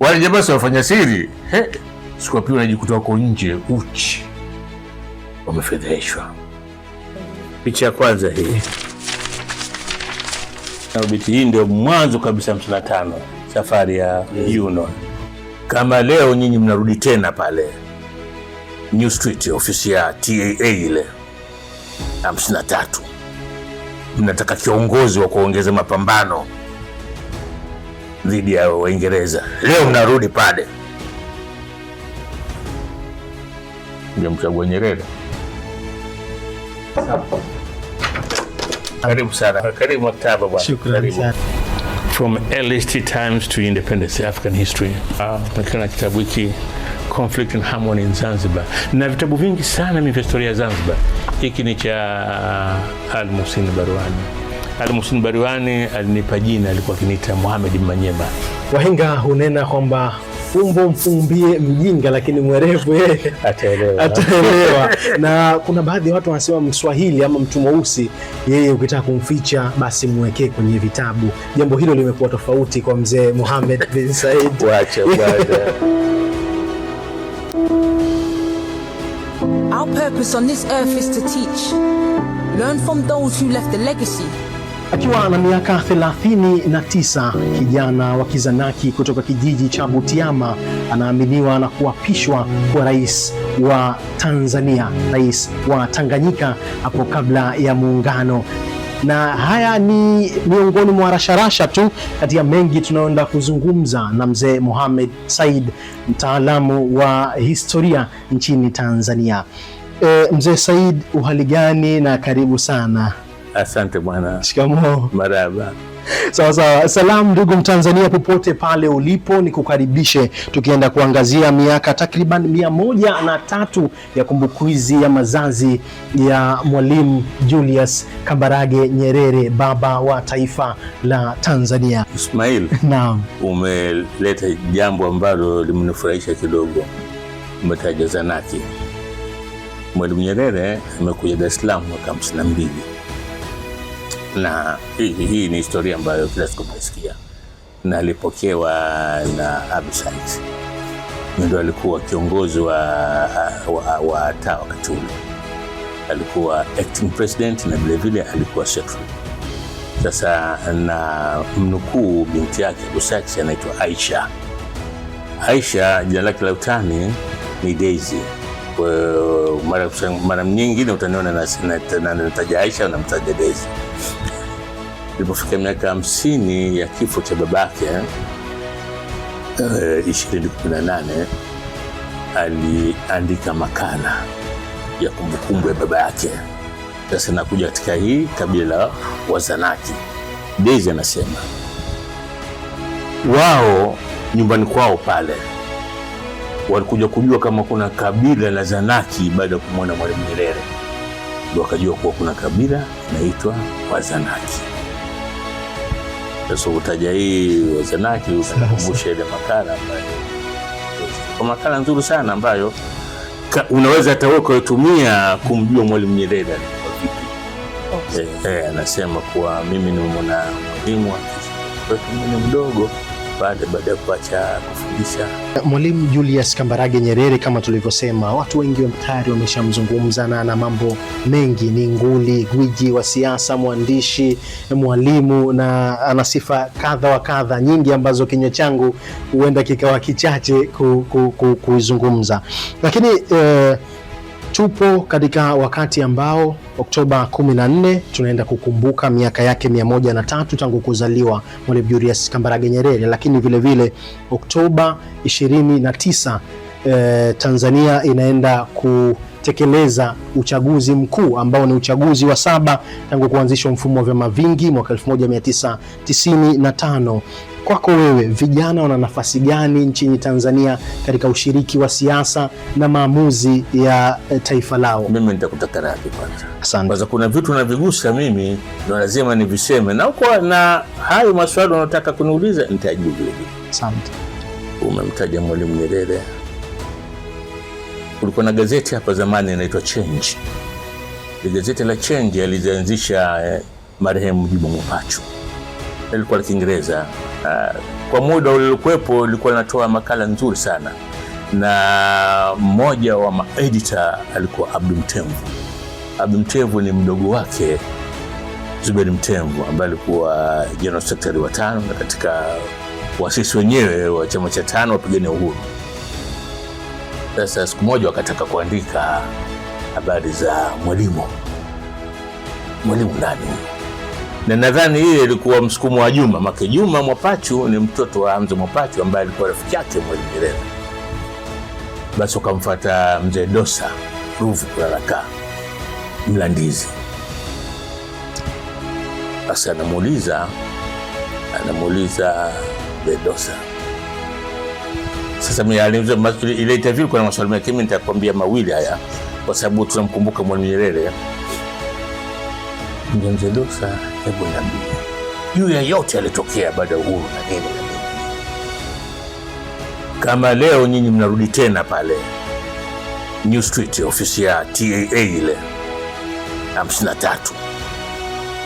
wale jamaa si wafanya siri, siku ya pili unajikuta wako nje uchi, wamefedheshwa. Picha ya kwanza hii na ubiti hii ndio mwanzo kabisa hamsini na tano safari ya Juno. Kama leo nyinyi mnarudi tena pale New Street, ofisi ya TAA ile hamsini na tatu, mnataka kiongozi wa kuongeza mapambano dhidi ya Waingereza. Leo mnarudi pale, Mchagua Nyerere. Karibu sana, karibu maktaba bwana. Shukrani sana. From earliest times to independence African history. Ah, na kitabu hiki Conflict and Harmony in Zanzibar na vitabu vingi sana mimi vya historia ya Zanzibar. Hiki ni cha Al Muhsin Barwani. Ali Muhsin Bariwani alinipa jina, alikuwa akiniita muhamedi Manyema. Wahenga hunena kwamba fumbo mfumbie mjinga, lakini mwerevu yeye ataelewa, ataelewa. na kuna baadhi ya watu wanasema Mswahili ama mtu mweusi yeye, ukitaka kumficha basi mwekee kwenye vitabu. Jambo hilo limekuwa tofauti kwa mzee muhamed bin Said wacha baada Our purpose on this earth is to teach. Learn from those who left the legacy. Akiwa na miaka 39 kijana wa Kizanaki kutoka kijiji cha Butiama anaaminiwa na kuapishwa kwa rais wa Tanzania, rais wa Tanganyika hapo kabla ya muungano na haya ni miongoni mwa rasharasha tu kati ya mengi tunayoenda kuzungumza na mzee Mohamed Said, mtaalamu wa historia nchini Tanzania. E, mzee Said, uhali gani na karibu sana. Asante bwana. Shikamoo. Maraba. Sawa sawa. Salamu ndugu Mtanzania popote pale ulipo, ni kukaribishe tukienda kuangazia miaka takriban mia moja na tatu ya kumbukizi ya mazazi ya Mwalimu Julius Kambarage Nyerere, baba wa taifa la Tanzania. Ismail, naam, umeleta jambo ambalo limenifurahisha kidogo. Umetaja Mwalimu Nyerere amekuja Dar es Salaam mwaka 52 na hii, hii ni historia ambayo kila siku naisikia, na alipokewa na Abishai, ndio alikuwa kiongozi wa, wa, wa taa wakati ule, alikuwa acting president na vilevile alikuwa secretary. Sasa na mnukuu binti yake Gusachi anaitwa Aisha. Aisha jina lake la utani ni Daisy. Mara nyingine utaniona nataja Aisha, namtaja Daisy. Ilipofika miaka hamsini ya kifo cha babake eh, ishirini kumi na nane aliandika makala ya kumbukumbu ya baba yake. Sasa nakuja katika hii kabila la Wazanaki. dezi anasema wao nyumbani kwao pale walikuja kujua kama kuna kabila la Zanaki baada ya kumwona Mwalimu Nyerere, ndio wakajua kuwa kuna kabila inaitwa Wazanaki. Sasa utaja hii Wazenaki utakumbusha ile makala ambayo makala nzuri sana ambayo unaweza hata wewe kuitumia kumjua Mwalimu Nyerere eh, eh, anasema kuwa mimi ni mwana mwalimu ni mdogo baada baada ya kuacha kufundisha. Mwalimu Julius Kambarage Nyerere, kama tulivyosema, watu wengi wa mtari wameshamzungumza na na mambo mengi, ni nguli, gwiji wa siasa, mwandishi, mwalimu na ana sifa kadha wa kadha nyingi ambazo kinywa changu huenda kikawa kichache kuizungumza ku, ku, ku, lakini eh, Tupo katika wakati ambao Oktoba 14 tunaenda kukumbuka miaka yake 103 tangu kuzaliwa Mwalimu Julius Kambarage Nyerere, lakini vilevile Oktoba 29 eh, Tanzania inaenda ku kutekeleza uchaguzi mkuu ambao ni uchaguzi wa saba tangu kuanzishwa mfumo wa vyama vingi mwaka 1995. Kwako wewe, vijana wana nafasi gani nchini Tanzania katika ushiriki wa siasa na maamuzi ya eh, taifa lao? Mimi nitakutaka radhi kwanza. Asante. Kwanza kuna vitu navigusa mimi ndio lazima niviseme, na uko na hayo maswali unataka kuniuliza, nitajibu. Asante. Umemtaja Mwalimu Nyerere kulikuwa na gazeti hapa zamani inaitwa Change. Gazeti la Change alizianzisha eh, marehemu Juma mwapachu ilikuwa la Kiingereza. Uh, kwa muda ulilokuwepo ilikuwa linatoa makala nzuri sana, na mmoja wa maedita alikuwa Abdu Mtemvu. Abdu Mtemvu ni mdogo wake Zuberi Mtemvu ambaye alikuwa general secretary wa tano na katika waasisi wenyewe wa chama cha tano wapigania uhuru sasa siku moja wakataka kuandika habari za mwalimu, mwalimu nani Na nadhani hiyo ilikuwa msukumo wa Juma make. Juma Mwapachu ni mtoto wa Hamza Mwapachu ambaye alikuwa rafiki yake Mwalimu Nyerere. Basi wakamfata mzee Dosa Ruvu Kulalaka Mlandizi. Basi anamuuliza anamuuliza mzee Dosa sasa ile interview kuna maswali mengi, mimi nitakwambia mawili haya, kwa sababu tunamkumbuka Mwalimu Nyerere. Mzee Dosa, hebu niambie juu ya yote yalitokea baada ya uhuru na nini, kama leo nyinyi mnarudi tena pale New Street, ofisi ya TAA ile 53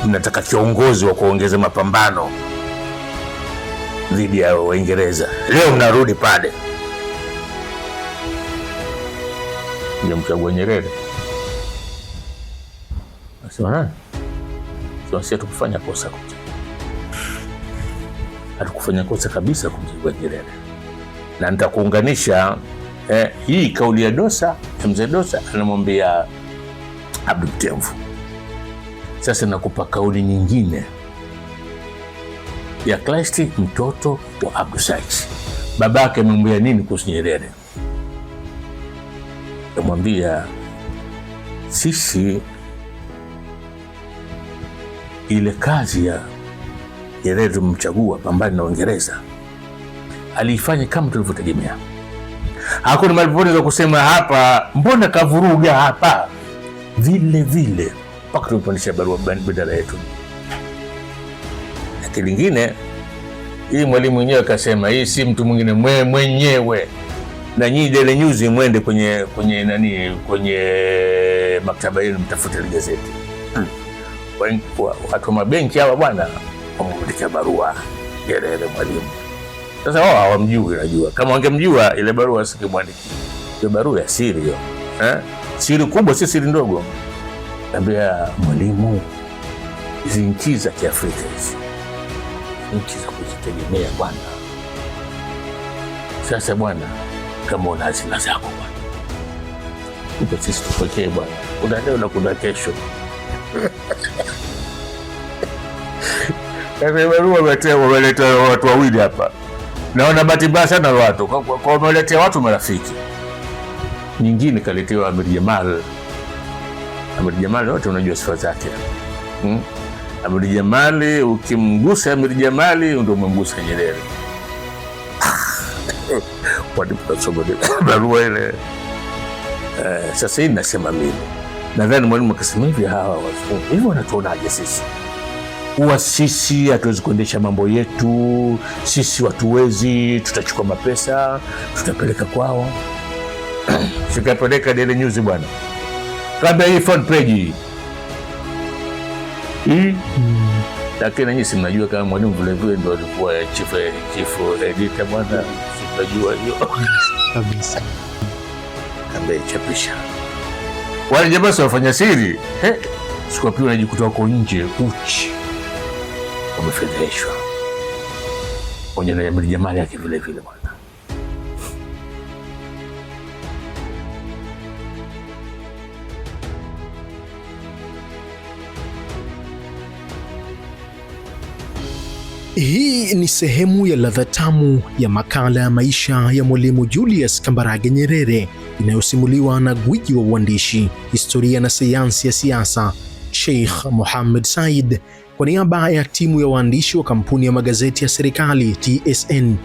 mnataka kiongozi wa kuongeza mapambano dhidi ya Waingereza, leo mnarudi pale Mchagua Nyerere nasema nani? Asi hatukufanya kosa kumchagua, hatukufanya kosa kabisa kumchagua Nyerere, na nitakuunganisha eh, hii kauli ya Dosa ya mzee Dosa anamwambia Abdu Mtemvu. Sasa nakupa kauli nyingine ya Christi mtoto wa Abdu baba babake amemwambia nini kuhusu Nyerere? kamwambia, sisi ile kazi ya Nyerere tumemchagua pambani na Uingereza aliifanya kama tulivyotegemea. Hakuna maliponi za kusema hapa, mbona kavuruga hapa, vile vile mpaka tumepandisha barua badala yetu. Lakini lingine hii mwalimu mwenyewe akasema, hii si mtu mwingine, mwe mwenyewe na nyinyi Daily News mwende kwenye kwenye nani kwenye maktaba yenu mtafute gazeti hmm. Watu wa mabenki hawa bwana wamwandikia barua Nyerere Mwalimu. Sasa wao hawamjui, najua kama wangemjua ile barua sikimwandikia ile barua ya siri hiyo eh? Siri kubwa si siri ndogo. Naambia Mwalimu, hizi nchi za Kiafrika hizi nchi za kujitegemea bwana. Sasa bwana kama una hazina zako bwana. Tupe sisi tupokee bwana, kuna leo na kuna kesho. wameleta watu wawili hapa, naona bahati mbaya sana watu kwa wameletea watu marafiki, nyingine kaletewa Amir Jamal. Amir Jamal wote unajua sifa zake hmm? Amir Jamal ukimgusa Amir Jamali ndio umemgusa Nyerere. kwani barua ile. eh, sasa hii nasema mimi nadhani mwalimu akasema hivi, hawa wazungu hivi wanatuonaje sisi? Huwa sisi hatuwezi kuendesha mambo yetu, sisi watuwezi, tutachukua mapesa tutapeleka kwao. Sikapeleka Daily News bwana, kaambia hii front page hii hii hmm? lakini nanyi si mnajua kama mwalimu vilevile ndo alikuwa eh, chief eh, chief eh, editor bwana, simnajua hiyo kabisa. Kambe chapisha wale jamaa si wafanya siri eh, siku pia unajikuta wako nje uchi, wamefedheshwa onye na jamii yake vilevile bwana Hii ni sehemu ya ladha tamu ya makala ya maisha ya Mwalimu Julius Kambarage Nyerere inayosimuliwa na gwiji wa uandishi, historia na sayansi ya siasa, Sheikh Mohammed Said, kwa niaba ya timu ya waandishi wa kampuni ya magazeti ya serikali TSN.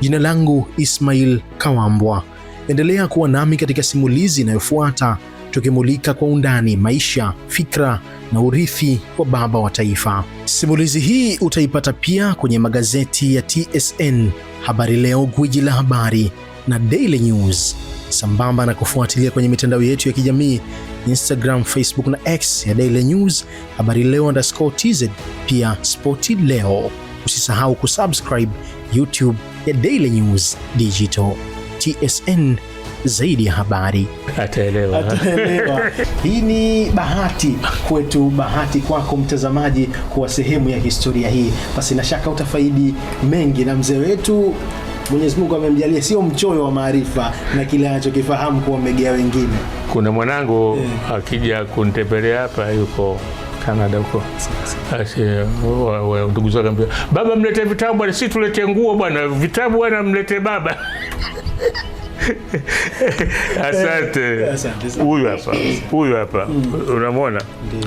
Jina langu Ismail Kawambwa. Endelea kuwa nami katika simulizi inayofuata tukimulika kwa undani maisha, fikra na urithi wa baba wa taifa. Simulizi hii utaipata pia kwenye magazeti ya TSN, Habari Leo, gwiji la habari na Daily News, sambamba na kufuatilia kwenye mitandao yetu ya kijamii Instagram, Facebook na X ya Daily News, Habari Leo underscore tz, pia Spoti Leo. Usisahau kusubscribe YouTube ya Daily News Digital. TSN zaidi ya habari. Ataelewa, ataelewa. Hii ni bahati kwetu, bahati kwako mtazamaji, kuwa sehemu ya historia hii. Basi na shaka utafaidi mengi na mzee wetu Mwenyezi Mungu amemjalia sio mchoyo wa maarifa na kile anachokifahamu kuwa megea wengine. Kuna mwanangu yeah, akija kunitembelea hapa, yuko Canada huko, ndugu zake ambia, baba mlete vitabu bwana, si tulete nguo bwana, vitabu bwana mlete baba Asante. Huyu hapa huyu hapa mm. unamwona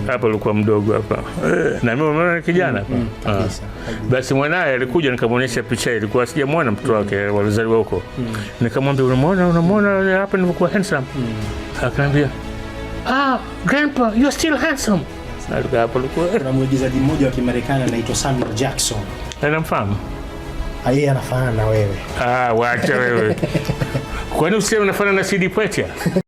hapa, alikuwa mdogo hapa eh. na mimi unaona kijana hapa mm, mm, Basi mwanaye alikuja nikamwonyesha picha, ilikuwa sijamwona mtoto wake mm, walizaliwa huko mm. Nikamwambia, unamwona unamwona hapa nilikuwa handsome mm. Akaniambia ah, grandpa you still handsome. Kuna mwigizaji mmoja wa Kimarekani anaitwa Samuel Jackson, anamfahamu ah, yeye, anafanana na wewe. Ah, wacha wewe Kwani usikia unafanana na Sidi Pwetya?